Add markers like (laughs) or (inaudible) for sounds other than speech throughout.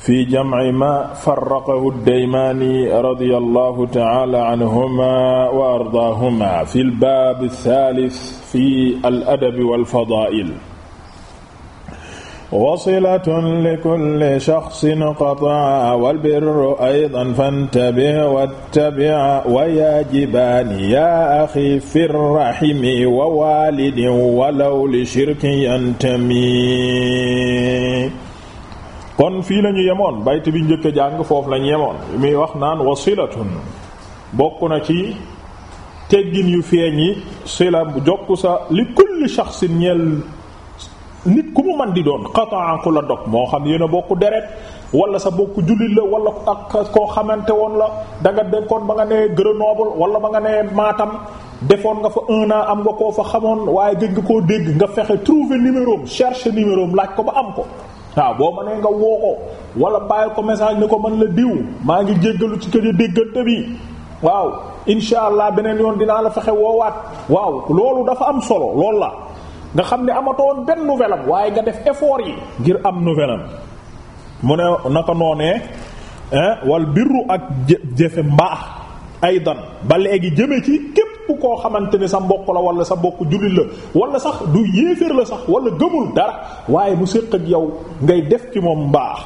fi jamci ma farraqahu ddaymaani radiyallahu ta'ala anhuma wa ardaahuma fi lbaab saalis fi al'adabi wal fadaa'il. wasilatun likulli shaxsin qata'a wal birru aydan fantabihi wattabi'a wa yaa jibaani yaa axi fi rraximi wa waalidin walaw li shirkin yantami kon fii la ñu yemoon bayt bi njëkk a jàng foofu la ñu yemoon muy wax naan wa silatun bokk na ci teggin yu feeñ yi sila jokk sa li kulli shaxsin ñeel nit ku mu man di doon xataan ku la dog moo xam yéen bokk deret wala sa bokk jullit la wala ak koo xamante woon la da nga dekkoon ba nga nee Grenoble wala ba nga nee maatam defoon nga fa un an am nga koo fa xamoon waaye gëj nga koo dégg nga fexe trouver numéro am chercher numéro am laaj ko ba am ko waaw boo mënee nga woo ko wala bàyyi ko message ni ko man la diw maa ngi jéggalu ci kër yi déggante bi waaw insha allah beneen yoon dinaa la fexe woowaat waaw loolu dafa am solo lool la nga xam ne amatoon benn nouvelle waaye nga def effort yi ngir am nouvelle am mu ne naka noonee wal birru ak jëfe mbaax aydan ba léegi jëme ci képp képp koo xamante ne sa mbokk la wala sa mbokk jullit la wala sax du yéeféer la sax wala gëmul dara waaye mu séq yow ngay def ci moom mbaax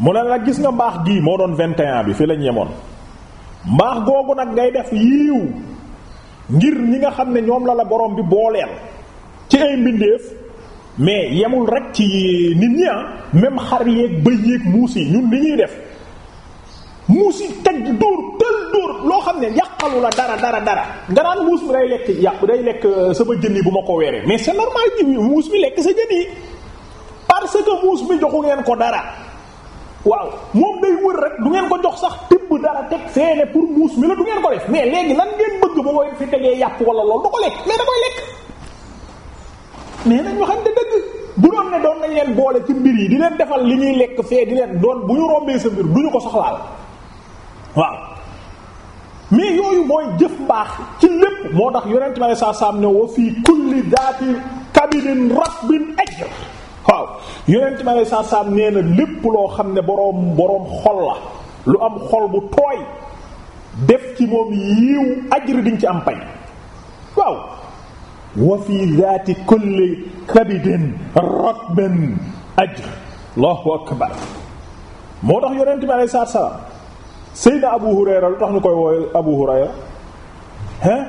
mu ne nag gis nga mbaax gii moo doon 21 bi fi lañ yemoon mbaax googu nag ngay def yiiw ngir ñi nga xam ne ñoom la la borom bi booleel ci ay mbindeef mais yemul rek ci nit ñi ah même xar yeeg bëy yeeg muus yi ñun li ñuy def muus yi teg dóor tël dóor loo xam ne yàqalu la dara dara dara nga naan muus mi day lekk yàq day lekk euh, sama jën yi bu ma ko weeree mais c'est normal ji muus mi lekk sa jën yi parce que muus mi joxu ngeen ko dara waaw moom day wër rek du ngeen ko jox sax tibb dara teg feene pour muus mi la du ngeen ko def mais léegi lan ngeen bëgg ba koy fi tegee yàpp wala loolu du ko lekk mais da koy lekk mais nañ ne dëgg bu doon ne doon nañ leen boole ci mbir yi di leen defal li ñuy lekk fee di leen doon bu ñu rombee sa mbir du ñu ko soxlaal waaw mais yooyu mooy jëf mbaax ci lépp moo tax yonent bi saa saam ne wa fii kulli daati kabidin ratbin ajr waaw yonent bi saa saam nee na lépp loo xam ne boroom boroom xol lu am xol ci moom yiiw diñ ci am pay waaw wa fi daati kulli kabidin Seydina Abu Hurayra lu tax ñu koy woowe Abu Hurayra hein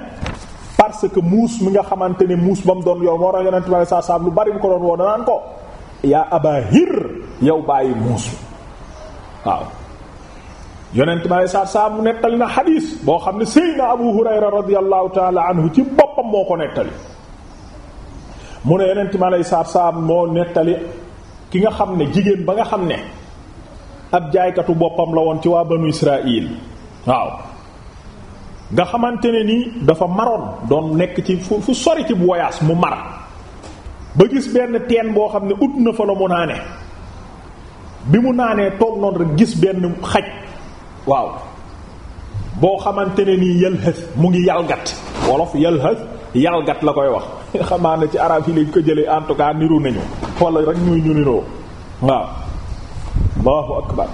parce que muus mi nga xamante ne muus ba mu doon yow moo tax yonent saa saab bari mu ko doon woo danaan saa mu nettali na xadiis boo xam ne Seydina Abu Hurayra radiyallahu ci boppam moo ko nettali mu ne yonent bi saa saab moo nettali ki nga xam ne jigéen ba nga xam ne ab jaaykatu boppam la woon ci waa banu Israël waaw nga xamante ne nii dafa maroon doon nekk ci fu fu sori ci voyage mu mar ba gis benn teen boo xam ne ut na fa la mu naane bi mu naanee toog noonu rek gis benn xaj waaw boo xamante ne nii yalhas mu ngi yalgat wolof yalhas yalgat la koy wax (laughs) xamaa ne ci araab yi lañ ko jëlee en tout cas niru nañu wala rek ñuy ñu niroo waaw allahu akbar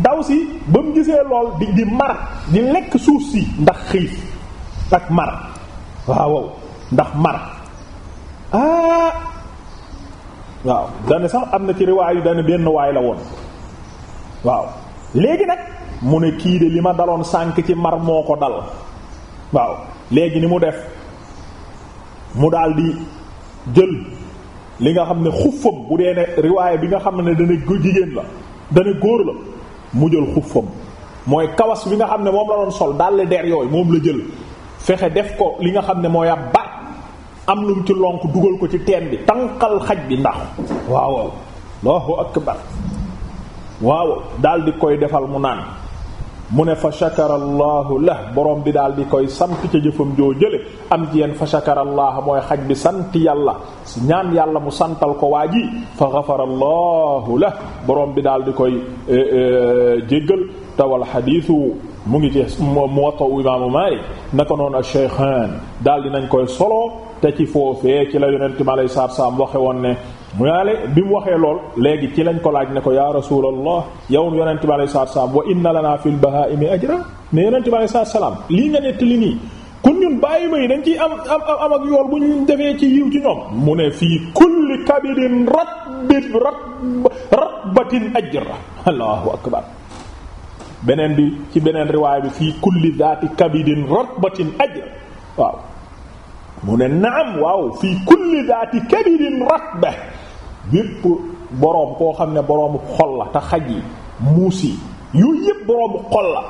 ndaw si ba mu gisee lool di di mar di lekk suuf si ndax xiif ak mar waaw ndax mar ah waaw dane sax am na ci riwaay yu dane benn waay la woon waaw léegi nag mu ne kii de li ma daloon sànk ci mar moo ko dal waaw léegi ni mu def mu daldi jël li nga xam ne xuffam bu dee ne riwaay bi nga xam ne dana jigéen la dana góor la mu jël xuffam mooy kawas bi nga xam ne moom la doon sol daal der yooyu moom la jël fexe def ko li nga xam ne mooy ab baat am lu mu ci lonk dugal ko ci teen bi tànqal xaj bi ndax waaw Allahu akbar waaw daal di koy defal mu naan mu ne fa chakarallaahu la borom bi daal di koy sant ca jëfam joo jële am ci yeen fa chakarallaaha mooy xaj bi sant yàlla ñaan yàlla mu santal ko waa ji fa gafarallaahu la borom bi daal di koy eh, eh, jéggal tawal xadiisu mu ngi ci Muwatta imaamu Maalik naka noonu ak Shaykhaan daal di nañ koy solo te ci foofee ci la yonent mi alayhi salaatu wa salaam waxe woon ne mu yaale bi mu waxee lool léegi ci lañ ko laaj ne ko ya rasulallah yow yonente bi alei satu salaam wa inna lanaa fil bahaa'imi ajra ne yonente bi alei salaam lii nga nett li nii kon ñun bàyyi ma yi dañ ciy am am am ak yool bu ñu defee ci yiw ci ñoom mu ne fii kulli kabidin rabbit rabbatin ajra allahu akbar beneen bi ci beneen riwaay bi fii kulli zaati kabidin ratbatin ajra waaw mu ne naam waaw fii kulli daati kabirin ratba bépp boroom koo xam ne boroomu xol la te xaj yi muus yi yooyu yëpp boroomu xol la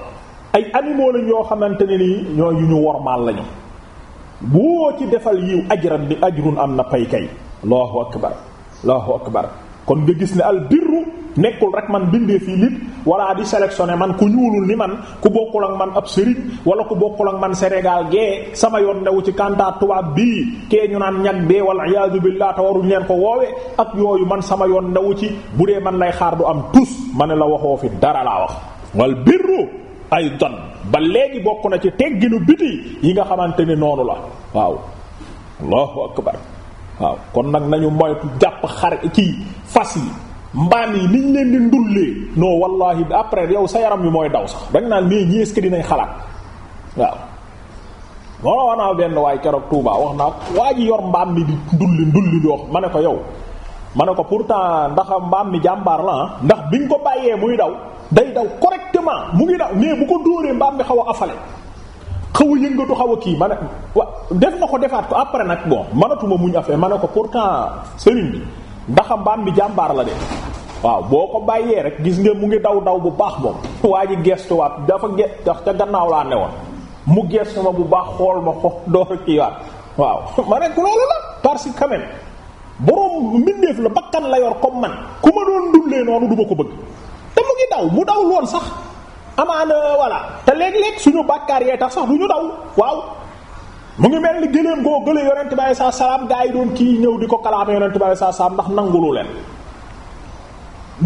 ay animaux lañ yoo xamante ne ni ñoo yu ñu wormaal lañu boo ci defal yiw ajran bi ajrun am na pay kay allahu akbar allahu akbar kon nga gis ne al birru nekkul rek man bindee fii nit walla di sélectionner man ku ñuulu ni man ku bokkul ak man ab sëriñ wala ku bokkul ak man Sénégal gee sama yoon newu ci kantaa tubaab bii kee ñu naan ñag bee wala iyaazu billah te waruñ leen ko woowee ak yooyu man sama yoon newu ci bu dee man lay xaar du am tus ma ne la waxoo fi dara laa wax wal birru ay don ba léegi bokk na ci tegginu biti yi nga xamante ni noonu la waaw allahu akbar waaw kon nag nañu moytu jàpp xar ci fas yi mbaam yi niñ leen di ndullee non wallahi après yow sa yaram wi mooy daw sax dañ naan mais ñi est-ce dinañ xalaat waaw moo wax naa benn waaye keroog Touba wax naa waa ji yor mbaam mi di ndulli ndulli di wax ma ne ko yow ma ne ko pourtant ndax mbaam mi jàmbaar la ah. ndax biñ ko bàyyee muy daw day daw correctement mu ngi daw mais bu ko dóoree mbaam mi xaw a afale xaw a yëngatu xaw a kii ma ne wa def na ko defaat ko après nag bon manatuma muñ affaire ma ne ko pourtant sëriñ bi mbaam bi jàmbaar la de waaw boo ko bàyyee rek gis nga mu ngi daw daw bu baax moom (laughs) waa ji gestuwaat dafa ge tax ca gannaaw laa ne woon mu gestu ma bu baax xool ma ko (laughs) door kii waaw (laughs) ma nekk loolu la parce que quand même boroom mbindeef la bakkan la yor comme man ku ma doon dullee noonu du ko bëgg te mu ngi daw mu daw loon sax amaana voilà te léeg-léeg suñu bàkkaar yee tax sax du ñu daw waaw mu ngi mel ni gëléem koo gële yonent bi alei gaa yi doon kii ñëw di ko kalaame yonent bi alei satu salaam ndax leen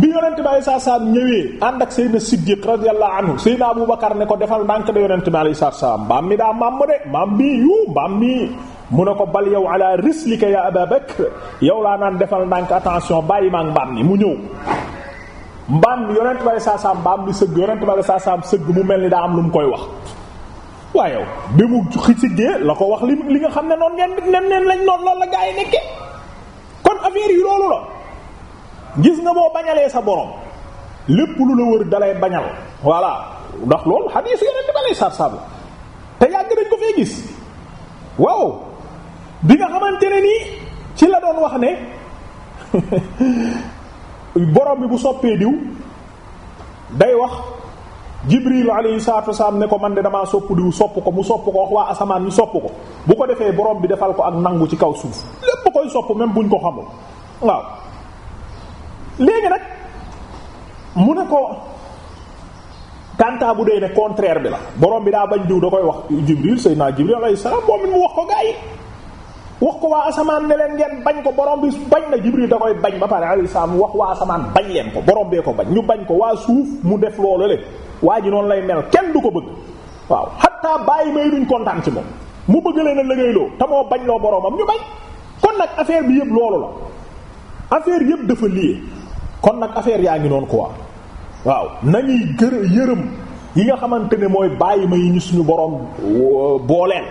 bi yonent bi alei ñëwee ànd ak Seydina Siddiq radiyallahu anhu Seydina Abu ne ko defal ndànk de yonent bi alei satu mbaam mi daa mamm de maam mi yu mbaam mi mu ne ko bal yow ala rislika ya Aba Bakr yow laa naan defal ndànk attention bàyyi maag mbaam mi mu ñëw mbaam mi yonent bi alei satu mbaam mi sëgg yonent bi alei sëgg mu mel ni daa am lu mu koy wax waaye yow bi mu xisigee la ko wax li li nga xam ne noon ngeen nem neen lañ noonu loolu la gaa yi nekke kon affaire yi loolu la gis nga boo bañalee sa borom lépp lu la wër dalay bañal voilà ndax loolu xadiis yonent bi alay saab la te yàgg dañ ko fee gis waaw bi nga xamante ne nii ci la doon wax ne (laughs) borom bi bu soppee diw day wax jibril alayhi salaatu wasalaam ne ko man de damaa sopp diw sopp ko mu sopp ko waa asamaan ñu sopp ko bu ko defee borom bi defal ko ak nangu ci kaw suuf lépp koy sopp même buñ ko xamul waaw léegi nag mu ne ko kanta bu dee ne contraire bi la borom bi daa bañ diw da koy wax jibril sayyidina jibril alayhi salaam moom it mu wax ko gaa yi wax ko waa asamaan ne leen ngeen bañ ko borom bi bañ na Jibril da koy bañ ba pare alayhi salaam wax waa asamaan bañ leen ko borom bee ko bañ ñu bañ ko waa suuf mu def loolu le waa ji noonu lay mel kenn du ko bëgg waaw xatta bàyyi may duñ kontaan si moom mu bëgg leen a liggéeyloo te moo bañ loo boromam ñu bañ kon nag affaire bi yëpp loolu la affaire yëpp dafa lié kon nag affaire yaa ngi noonu quoi waaw nañuy gërë yërëm yi nga xamante ne mooy bàyyi may suñu borom booleel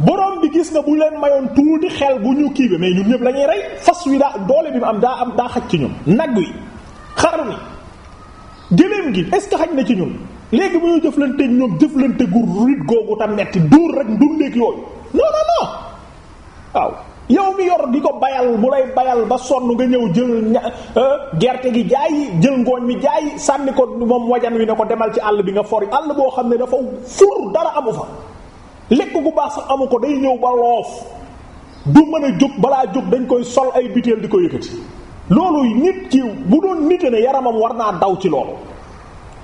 borom bi gis nga bu leen mayoon tuuti xel bu ñu kii bi mais ñun ñëpp la ñuy rey fas wi daa doole bi mu am daa am daa xaj ci ñun nag wi xar mi gëléem gi est ce que xaj na ci ñun léegi bu ñu jëflanteeg ñoom jëflante gu googu tam metti duur rek ndundeeg yooyu non non non waaw yow mi yor di ko bayal bu lay bayal ba sonn nga ñëw jël euh, gerte gi jaay jël ngooñ mi jaay sànni ko moom wajan wi ne ko demal ci àll bi nga for àll boo xam ne dafa fur dara amu fa. lekk gu baax sax amu ko day ñëw ba loof du mën a jóg balaa jóg dañ koy sol ay biteel di ko yëkkati loolu nit ki bu doon nite ne yaramam war naa daw ci loolu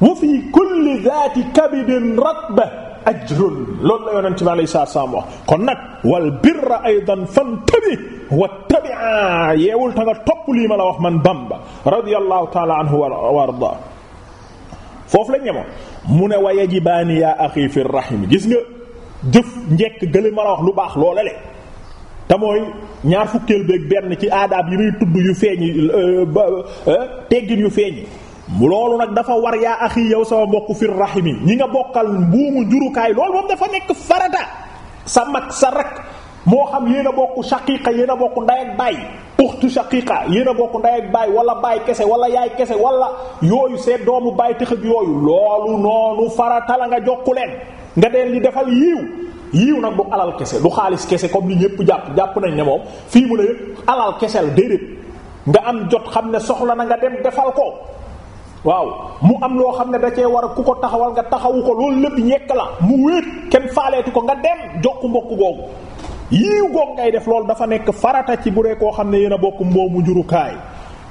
wa fi kulli zaati kabidin ratba ajrun loolu la yonent bi alayhi salaatu salaam wax kon nag wal birra aydan fantabi wa tabi'a yeewul ta nga topp lii ma la wax man Bamba radiyallahu ta'ala anhu wa arda foofu la ñemoon mu ne wa yajibaani yaa axi fi rahim gis nga jëf njekk gële ma la wax lu baax loola le te mooy ñaar fukkeel beeg benn ci aadaab yi muy tudd yu feeñi euh, euh, teggin yu feeñi loolu nag dafa war yaa axi yow sama mbokk fir rahimi ñi nga bokkal mbuumu jurukaay loolu moom dafa nekk farata sa mag sa rak moo xam yéen a bokk shaqiqa yéen a bokk nday ak baay uxtu shaqiqa yéen a bokk nday ak baay wala baay kese wala yaay kese wala yooyu seen doomu baay tëxëg yooyu loolu noonu farata la nga jokku leen nga deen di defal yiiw yiiw nag du alal kese du xaalis kese comme li ñëpp jàpp jàpp nañ ne moom fii mu ne alal kesel déedéet nga am jot xam ne soxla na nga dem defal ko waaw mu am loo xam ne da cee war a ku ko taxawal nga taxawu ko loolu lépp ñekk la mu wéet kenn faaleeti ko nga dem jokk mbokk googu yiiw googu ngay def loolu dafa nekk farata ci bu dee koo xam ne yéen a bokk mboomu njurukaay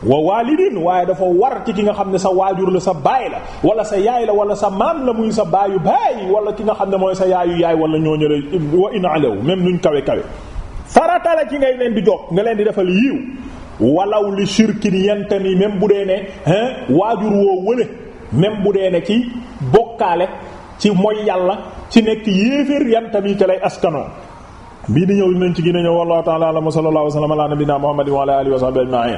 wa waalidin waaye dafa war ci ki nga xam ne sa waajur la sa baay la wala sa yaay la wala sa maam la muy sa baayu baay wala ki nga xam ne mooy sa yaayu yaay wala ñoo ñële wa in alaw même nuñ kawe kawe farata la ci ngay leen di jox nga leen di defal yiiw walaw li shirkin yi même bu dee ne waajur woo wële même bu dee ne ci bokkaale ci mooy yàlla ci nekk yéeféer yantami ca lay askanoo bii di ñëw nañ ci gën a ñëw wallahu ta'ala wa sallallahu alayhi wa sallam ala nabina muhammadin wa ala